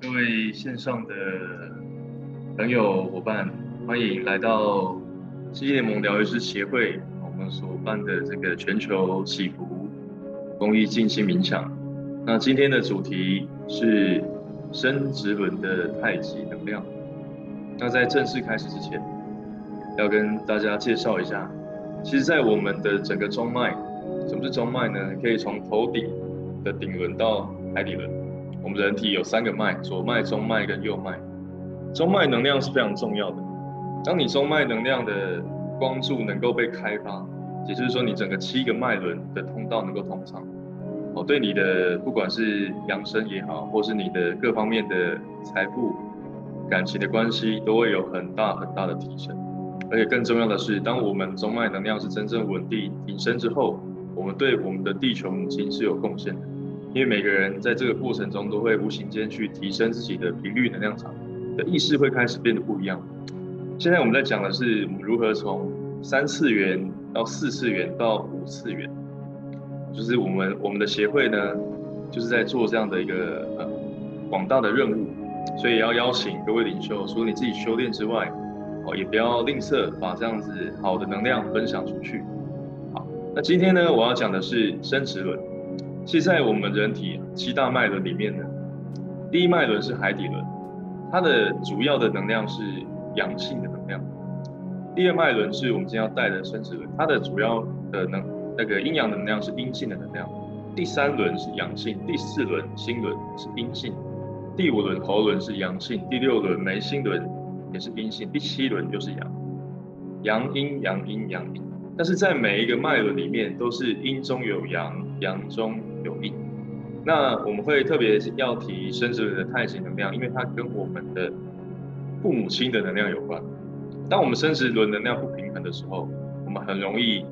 各位線上的朋友夥伴，歡迎來到星際聯盟療癒師協會，我們所辦的這個全球祈福公益靜心冥想。那今天的主題是生殖輪的太極能量。那在正式開始之前，要跟大家介紹一下，其實，在我們的整個中脈，什麼是中脈呢？可以從頭頂的頂輪到海底輪。我們人體有三個脈，左脈、中脈跟右脈。中脈能量是非常重要的。當你中脈能量的光柱能夠被開發，也就是說你整個七個脈輪的通道能夠通暢，哦，對你的不管是養生也好，或是你的各方面的財富、感情的關係，都會有很大很大的提升。而且更重要的是，當我們中脈能量是真正穩定提升之後，我們對我們的地球母親是有貢獻的。因為每個人在這個過程中都會無形間去提升自己的頻率，能量場的意識會開始變得不一樣。現在我們在講的是我們如何從三次元到四次元到五次元，就是我們我們的協會呢，就是在做這樣的一個呃廣大的任務，所以要邀請各位領袖，除了你自己修煉之外，哦也不要吝嗇把這樣子好的能量分享出去。好，那今天呢，我要講的是生殖輪。其實，在我們人體七大脈輪裡面呢，第一脈輪是海底輪，它的主要的能量是陽性的能量；第二脈輪是我們今天要帶的生殖輪，它的主要的能那個陰陽能量是陰性的能量；第三輪是陽性，第四輪心輪是陰性，第五輪喉輪是陽性，第六輪眉心輪也是陰性，第七輪就是陽，陽、陰、陽、陰、陽、陰。但是在每一個脈輪裡面，都是陰中有陽，陽中有陰。那我們會特別要提生殖輪的太極能量，因為它跟我們的父母親的能量有關。當我們生殖輪能量不平衡的時候，我們很容易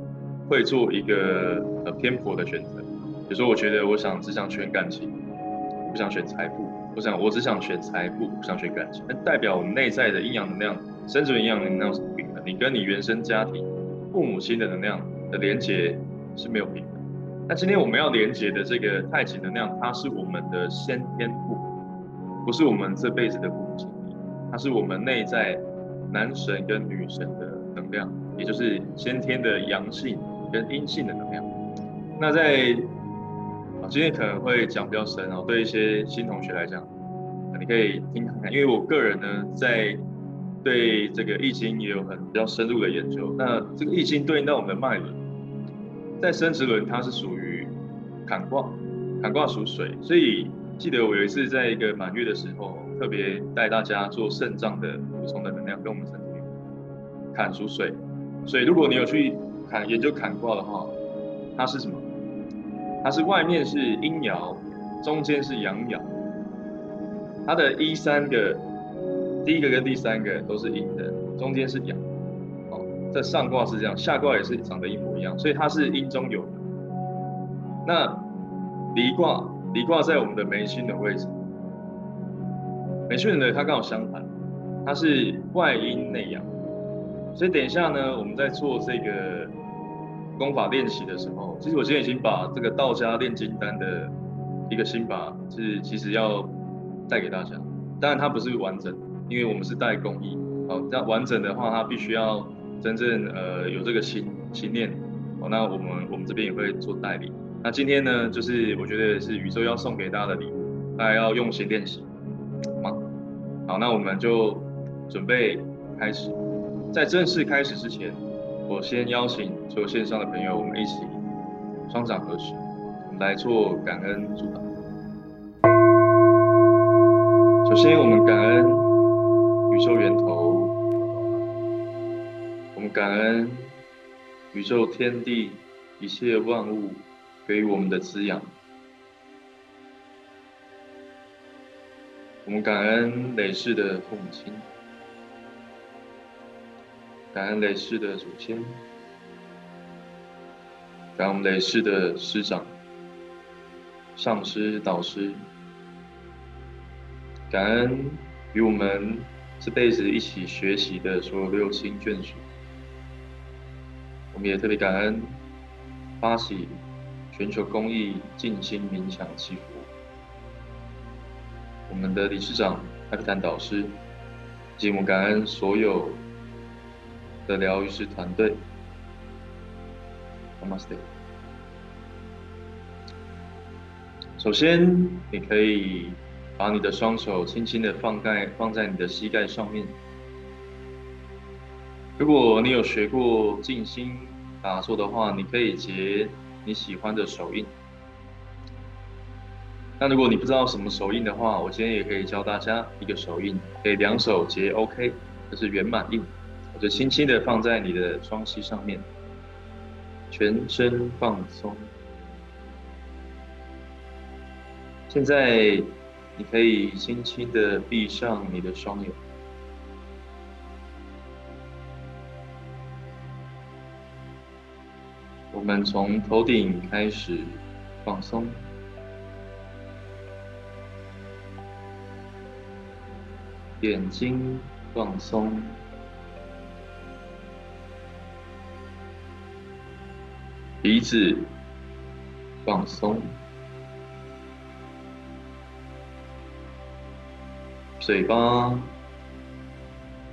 會做一個呃偏頗的選擇。比如說，我覺得我想我只想選感情，不想選財富；我想我只想選財富，不想選感情。那代表我們內在的陰陽能量，生殖輪陰陽能量是不平衡。你跟你原生家庭。父母親的能量的連接是沒有平衡的。那今天我們要連接的這個太極能量，它是我們的先天父母，不是我們這輩子的父母親，它是我們內在男神跟女神的能量，也就是先天的陽性跟陰性的能量。那在啊，今天可能會講比較深哦，對一些新同學來講，你可以聽看看，因為我個人呢在。對這個易經也有很比較深入的研究，、嗯。那這個易經對應到我們的脈輪，在生殖輪它是屬於坎卦，坎卦屬水。所以記得我有一次在一個滿月的時候，特別帶大家做腎臟的補充的能量，跟我們身體坎屬水，所以如果你有去坎研究坎卦的話，它是什麼？它是外面是陰爻，中間是陽爻，它的一三的。第一個跟第三個都是陰的，中間是陽，哦，在上卦是這樣，下卦也是長得一模一樣，所以它是陰中有陽的。那離卦，離卦在我們的眉心的位置，眉心的位置它剛好相反，它是外陰內陽，所以等一下呢，我們在做這個功法練習的時候，其實我今天已經把這個道家煉金丹的一個心法，是其實要帶給大家，當然它不是完整的。因為我們是代公益，好，這樣完整的話，他必須要真正呃有這個心心念，好，那我們我們這邊也會做代理。那今天呢，就是我覺得是宇宙要送給大家的禮物，大家要用心練習，好嗎？好，那我們就準備開始。在正式開始之前，我先邀請所有線上的朋友，我們一起雙掌合十，來做感恩祝禱。首先，我們感恩。宇宙源頭，我們感恩宇宙天地一切萬物給予我們的滋養。我們感恩累世的父母親，感恩累世的祖先，感恩累世的師長、上師、導師，感恩與我們。這輩子一起學習的所有六親眷屬，我們也特別感恩發起全球公益靜心冥想祈福，我們的理事長艾菲坦導師，以及我們感恩所有的療癒師團隊。Namaste。首先，你可以。把你的雙手輕輕的放在放在你的膝蓋上面。如果你有學過靜心打坐、啊、的話，你可以結你喜歡的手印。那如果你不知道什麼手印的話，我今天也可以教大家一個手印，可以兩手結 OK，這是圓滿印。我就輕輕的放在你的雙膝上面，全身放鬆。現在。你可以輕輕的閉上你的雙眼。我們從頭頂開始放鬆，眼睛放鬆，鼻子放鬆。嘴巴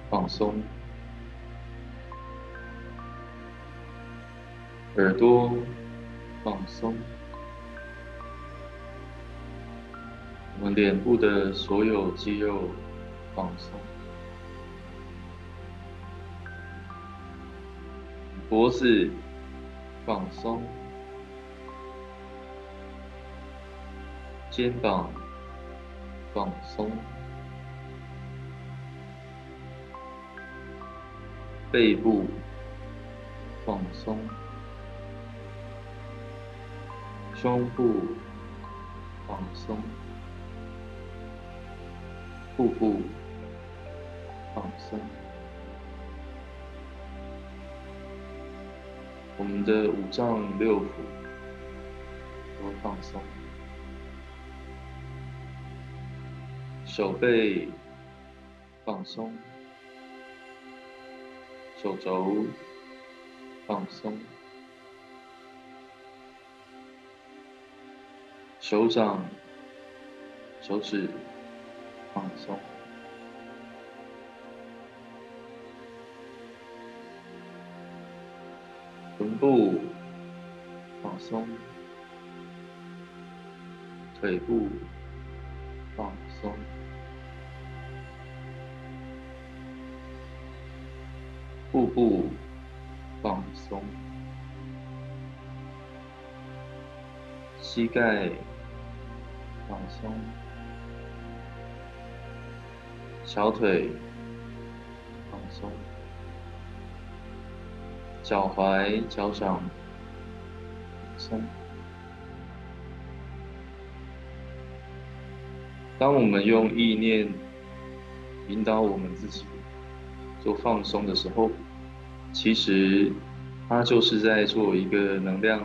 放鬆，耳朵放鬆，我們臉部的所有肌肉放鬆，脖子放鬆，肩膀放鬆。背部放鬆，胸部放鬆，腹部放鬆，我們的五臟六腑都放鬆，手背放鬆。手肘放鬆，手掌、手指放鬆，臀部放鬆，腿部放鬆。腹部放鬆，膝蓋放鬆，小腿放鬆，腳踝、腳掌放鬆。當我們用意念引導我們自己。放鬆的時候，其實它就是在做一個能量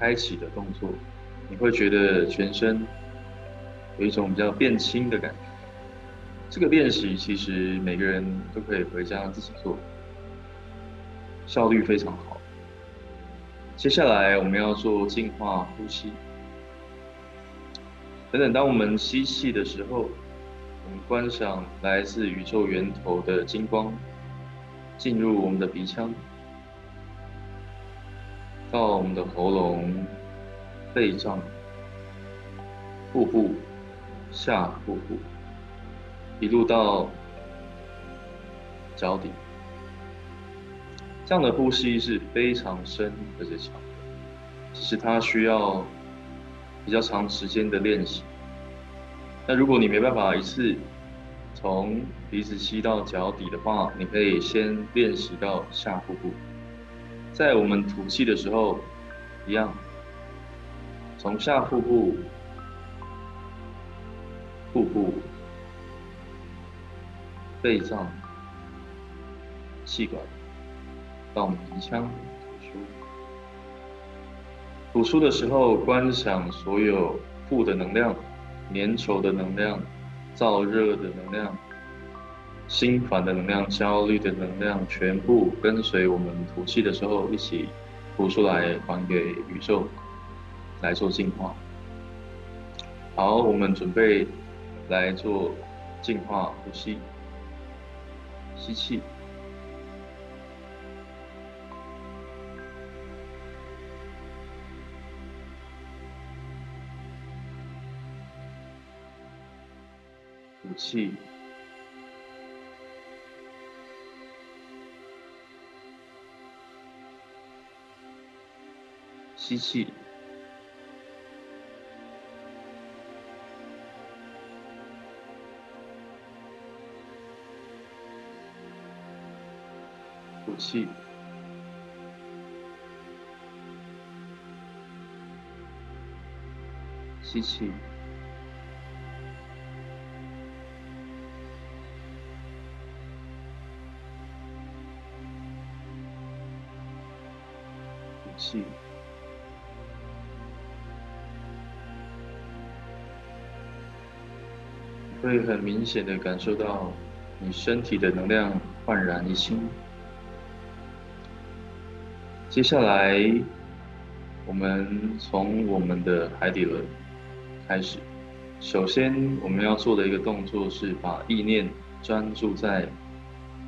開啟的動作。你會覺得全身有一種比較變輕的感覺。這個練習其實每個人都可以回家自己做，效率非常好。接下來我們要做淨化呼吸，等等，當我們吸氣的時候。我們觀想來自宇宙源頭的金光，進入我們的鼻腔，到我們的喉嚨、肺臟、腹部、下腹部，一路到腳底。這樣的呼吸是非常深而且長的，只是它需要比較長時間的練習。那如果你沒辦法一次從鼻子吸到腳底的話，你可以先練習到下腹部。在我們吐氣的時候，一樣，從下腹部、腹部、肺臟、氣管到鼻腔吐出。吐出的時候，觀想所有負的能量。粘稠的能量、燥熱的能量、心煩的能量、焦慮的能量，全部跟隨我們吐氣的時候一起吐出來，還給宇宙來做淨化。好，我們準備來做淨化呼吸，吸氣。呼氣，吸氣，呼氣，吸氣。會很明顯的感受到，你身體的能量煥然一新。接下來，我們從我們的海底輪開始。首先，我們要做的一個動作是把意念專注在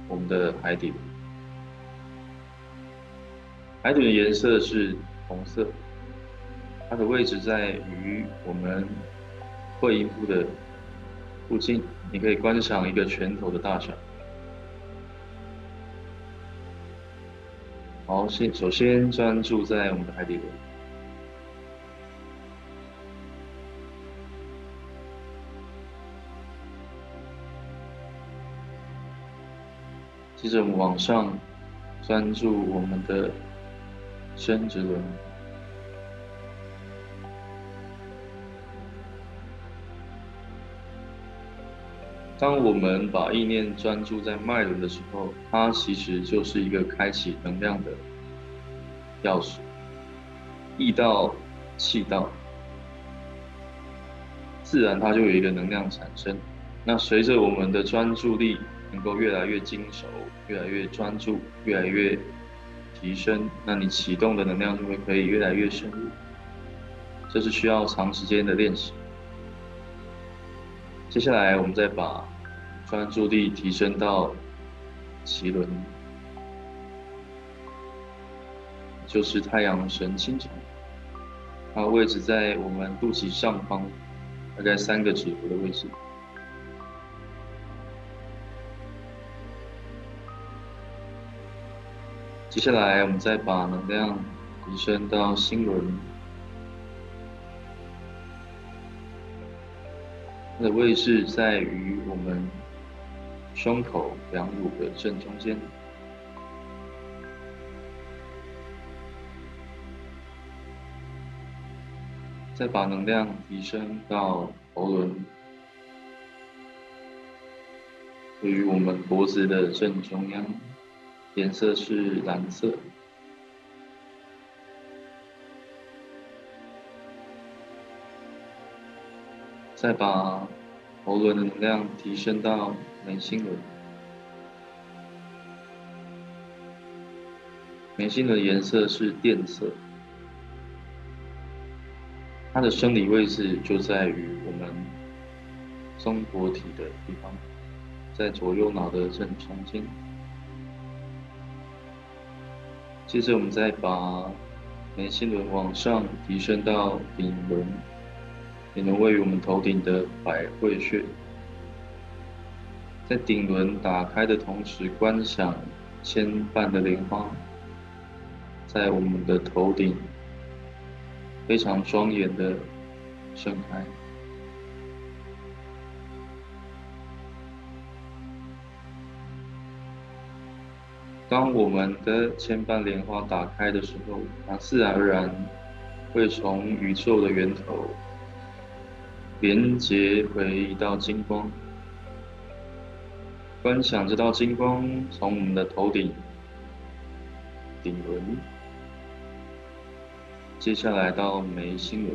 我們的海底輪。海底的顏色是紅色，它的位置在於我們會陰部的附近，你可以觀賞一個拳頭的大小。好，先首先專注在我們的海底輪。接着我們往上專注我們的。生殖輪。當我們把意念專注在脈輪的時候，它其實就是一個開啟能量的鑰匙。意到氣到，自然它就有一個能量產生。那隨着我們的專注力能夠越來越精熟，越來越專注，越來越……提升，那你啟動的能量就會可以越來越深入，這，就是需要長時間的練習。接下來，我們再把專注力提升到臍輪，就是太陽神經叢，它位置在我們肚臍上方，大概三個指頭的位置。接下來，我們再把能量提升到心輪。它的位置在於我們胸口兩乳的正中間。再把能量提升到喉輪，位於我們脖子的正中央。顏色是藍色，再把喉輪的能量提升到眉心輪。眉心輪的顏色是靛色，它的生理位置就在於我們松果體的地方，在左右腦的正中間。接着，我們再把眉心輪往上提升到頂輪，頂輪位於我們頭頂的百會穴。在頂輪打開的同時，觀想千瓣的蓮花在我們的頭頂非常莊嚴的盛開。當我們的千瓣蓮花打開的時候，它自然而然會從宇宙的源頭連接回一道金光。觀想這道金光從我們的頭頂頂輪，接下來到眉心輪，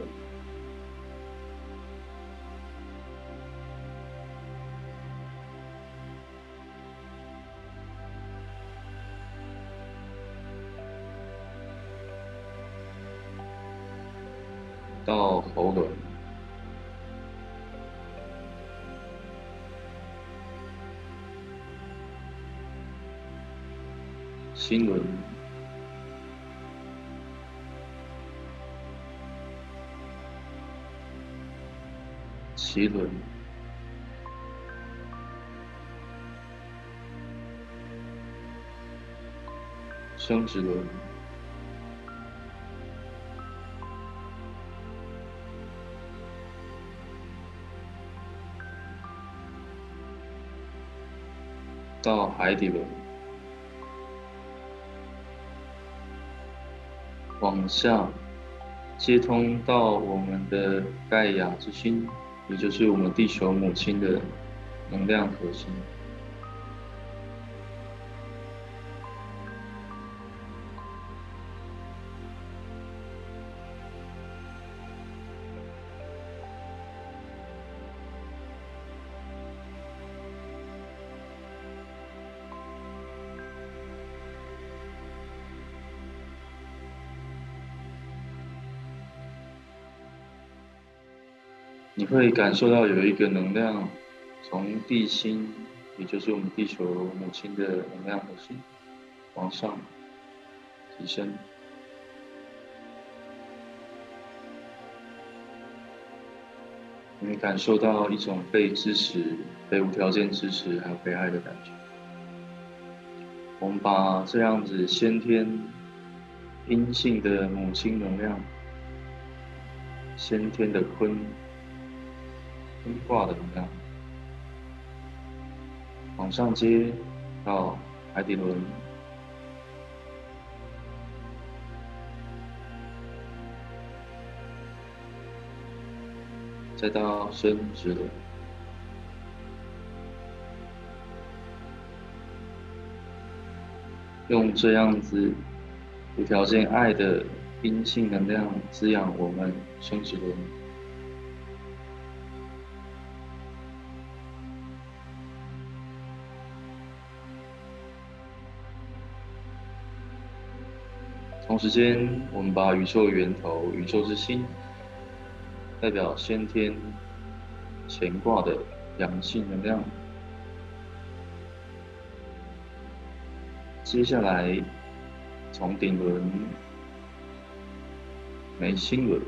心輪，臍輪，生殖輪，到海底輪。往下接通到我們的蓋亞之心，也就是我們地球母親的能量核心。會感受到有一個能量從地心，也就是我們地球母親的能量核心往上提升。你感受到一種被支持、被無條件支持還有被愛的感覺。我們把這樣子先天陰性的母親能量、先天的坤。坤卦的能量往上接到海底輪，再到生殖輪，用這樣子無條件愛的陰性能量滋養我們生殖輪。同時間，我們把宇宙源頭、宇宙之心，代表先天乾卦的陽性能量，接下來從頂輪眉心輪、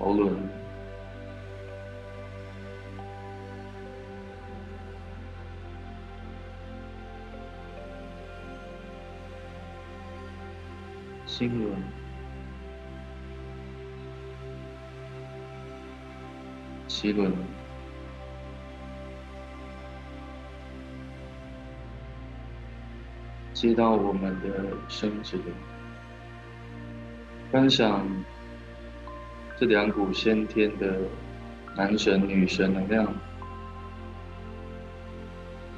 喉輪，金輪、臍輪，接到我們的生殖輪，觀想這兩股先天的男神、女神能量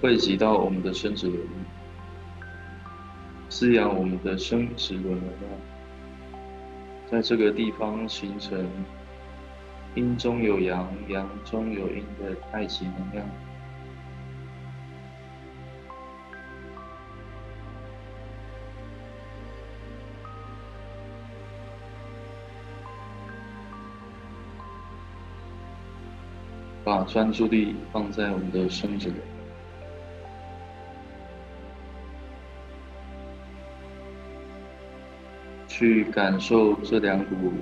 匯集到我們的生殖輪。滋養我們的生殖能量，在這個地方形成陰中有陽、陽中有陰的太極能量，把專注力放在我們的生殖輪。去感受這兩股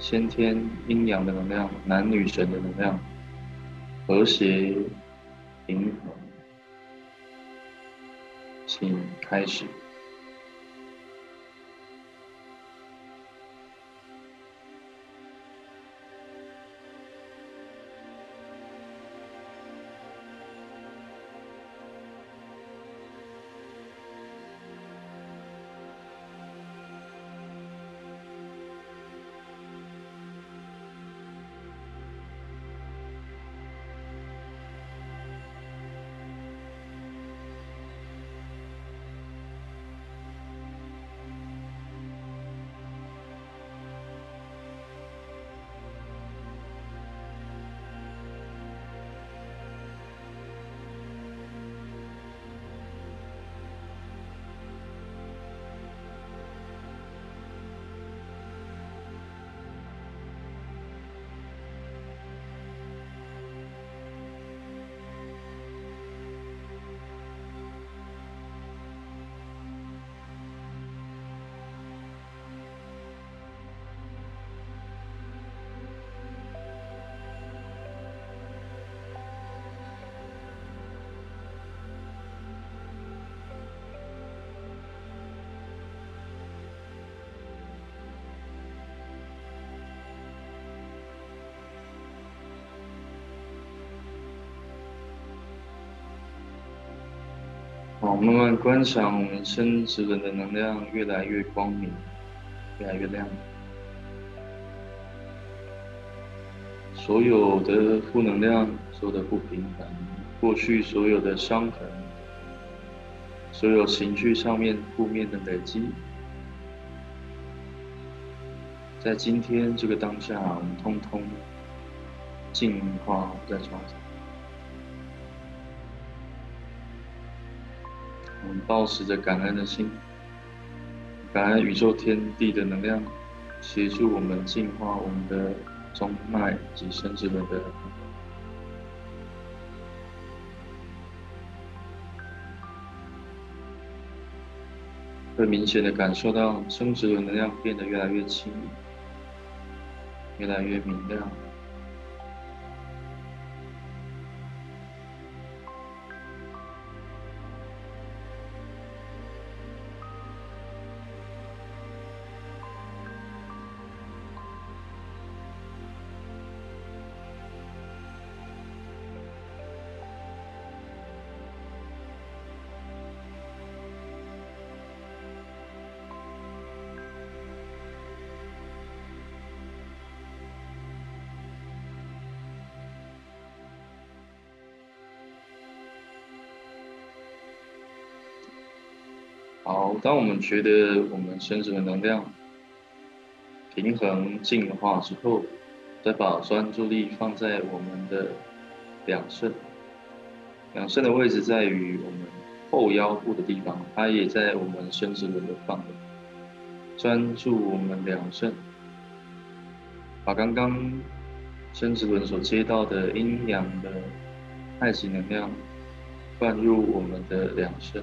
先天陰陽的能量，男女神的能量，和諧平衡。請開始。好，慢慢觀想我們生殖輪的的能量越來越光明，越來越亮。所有的負能量，所有的不平衡，過去所有的傷痕，所有情緒上面負面的累積，在今天這個當下，我們通通淨化在創造。抱持着感恩的心，感恩宇宙天地的能量，協助我們淨化我們的中脈及生殖輪的，會明顯的感受到生殖輪能量變得越來越輕，越來越明亮。當我們覺得我們生殖輪能量平衡淨化之後，再把專注力放在我們的兩腎。兩腎的位置在於我們後腰部的地方，它也在我們生殖輪的範圍，專注我們兩腎，把剛剛生殖輪所接到的陰陽的太極能量灌入我們的兩腎。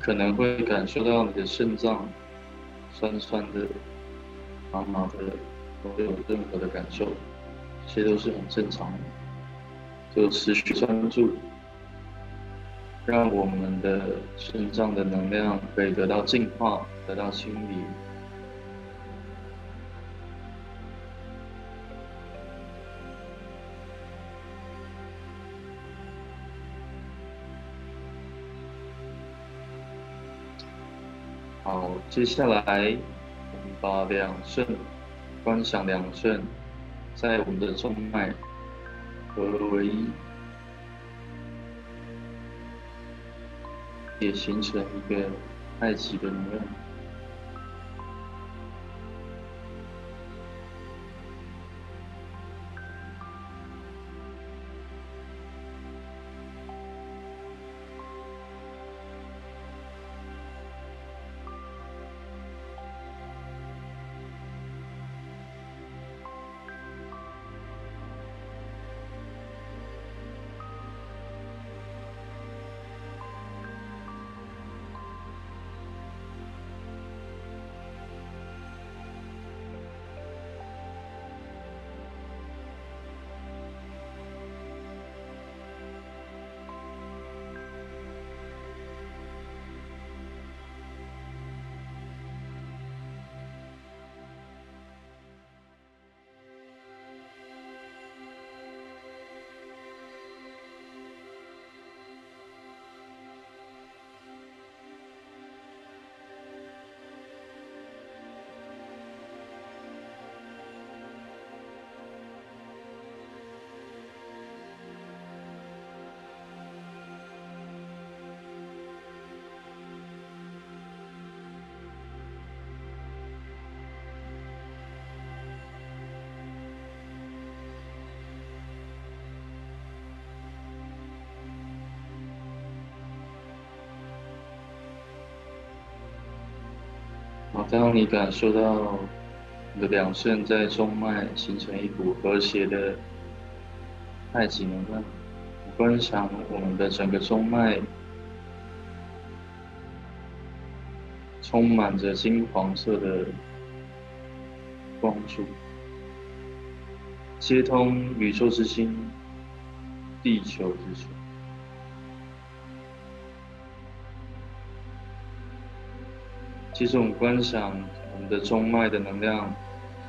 可能會感受到你的腎臟酸酸的、麻麻的，沒有任何的感受，這些都是很正常的。就持續專注，讓我們的腎臟的能量可以得到淨化、得到清理。接下來，我們把兩腎，觀想兩腎，在我們的中脈合而為一，也形成一個太極的模樣。當你感受到你的兩腎在中脈形成一股和諧的太極能量，觀想我們的整個中脈充滿着金黃色的光柱，接通宇宙之心，地球之心。其實我們觀想我們的中脈的能量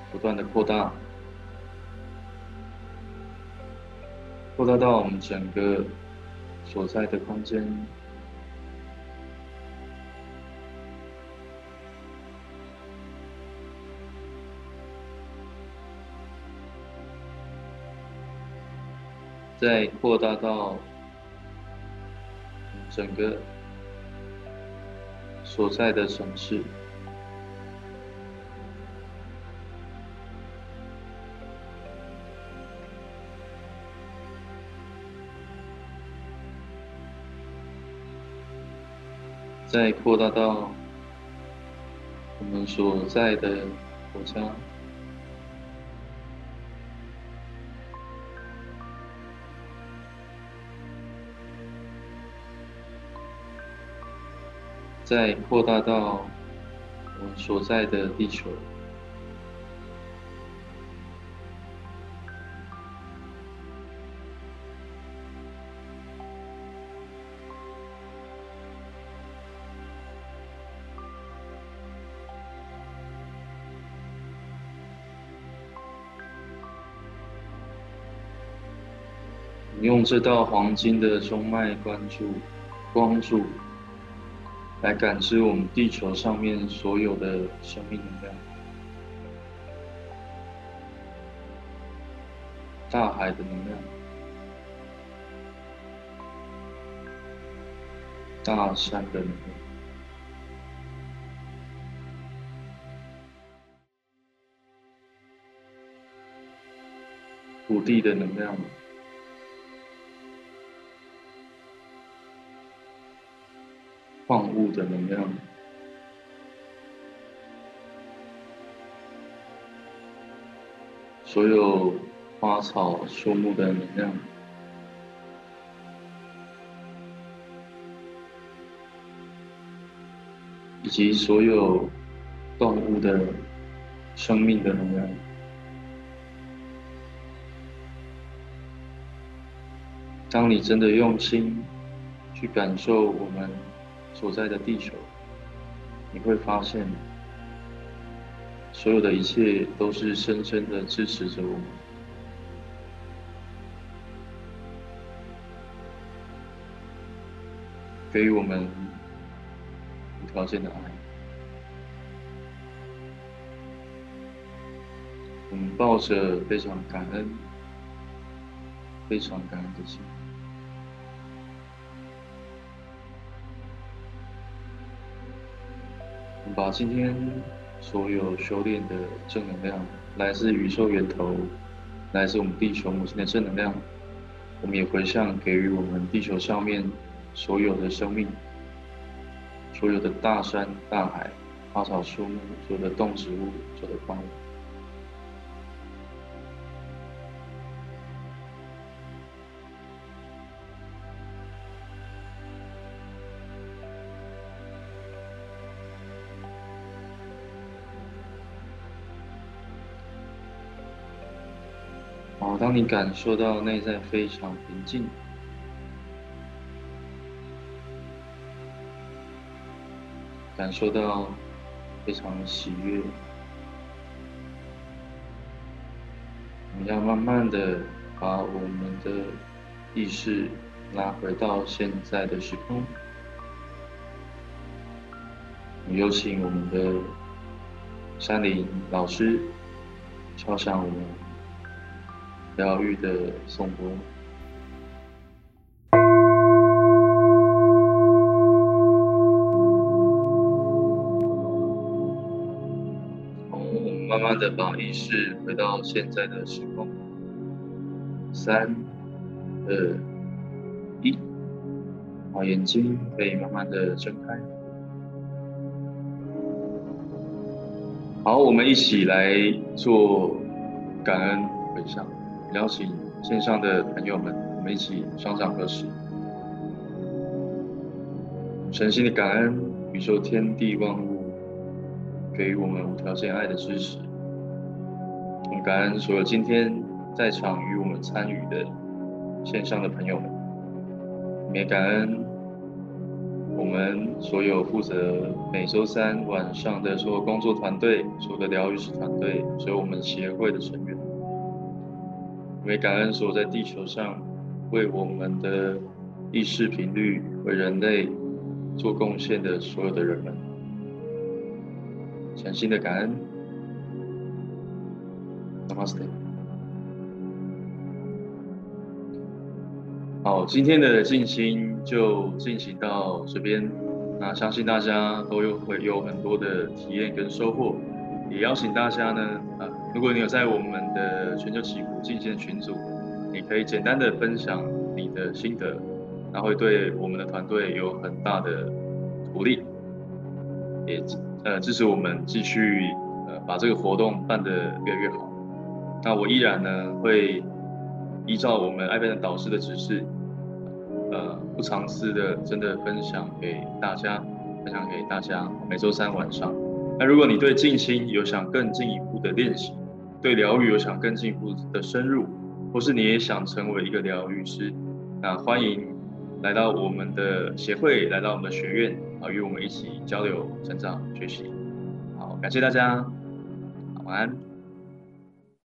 不斷的擴大，擴大到我們整個所在的空間，再擴大到整個。所在的城市，再擴大到我們所在的國家。再擴大到我們所在的地球。你用這道黃金的中脈光柱，光柱。來感知我們地球上面所有的生命能量，大海的能量，大山的能量，土地的能量。礦物的能量，所有花草樹木的能量，以及所有動物的生命的能量。當你真的用心去感受我們，所在的地球，你會發現，所有的一切都是深深的支持着我們，給予我們無條件的愛。我們抱着非常感恩、非常感恩的心，把今天所有修煉的正能量，來自宇宙源頭，來自我們地球母親的正能量，我們也回向給予我們地球上面所有的生命，所有的大山大海、花草樹木、所有的動植物、所有的萬物。當你感受到內在非常平靜，感受到非常喜悅，我們要慢慢的把我們的意識拉回到現在的時空。我們有請我們的山林老師敲響我們。療癒的頌缽，然後我們慢慢的把意識回到現在的時空。三、二、一，好，眼睛可以慢慢的睜開。好，我們一起來做感恩回向。邀請線上的朋友們，我們一起雙手合十。誠心的感恩宇宙天地萬物給予我們無條件愛的支持。也感恩所有今天在場與我們參與的線上的朋友們，我們也感恩我們所有負責每周三晚上的所有工作團隊、所有的療癒師團隊、所有我們協會的成員。為感恩所在地球上為我們的意識頻率、為人類做貢獻的所有的人們，誠心的感恩，Namaste。好，今天的靜心就進行到這邊。那相信大家都有會有很多的體驗跟收穫，也邀請大家呢，如果你有在我們的全球祈福靜心群組，你可以簡單的分享你的心得，那會對我們的團隊有很大的鼓勵，也呃支持我們繼續呃把這個活動辦得越來越好。那我依然呢會依照我們艾菲坦導師的指示，呃不藏私的真的分享給大家，分享給大家每周三晚上。那如果你對靜心有想更進一步的練習，對療癒，有想更進一步的深入，或是你也想成為一個療癒師，那歡迎來到我們的協會，來到我們的學院，啊，與我們一起交流、成長、學習。好，感謝大家，晚安。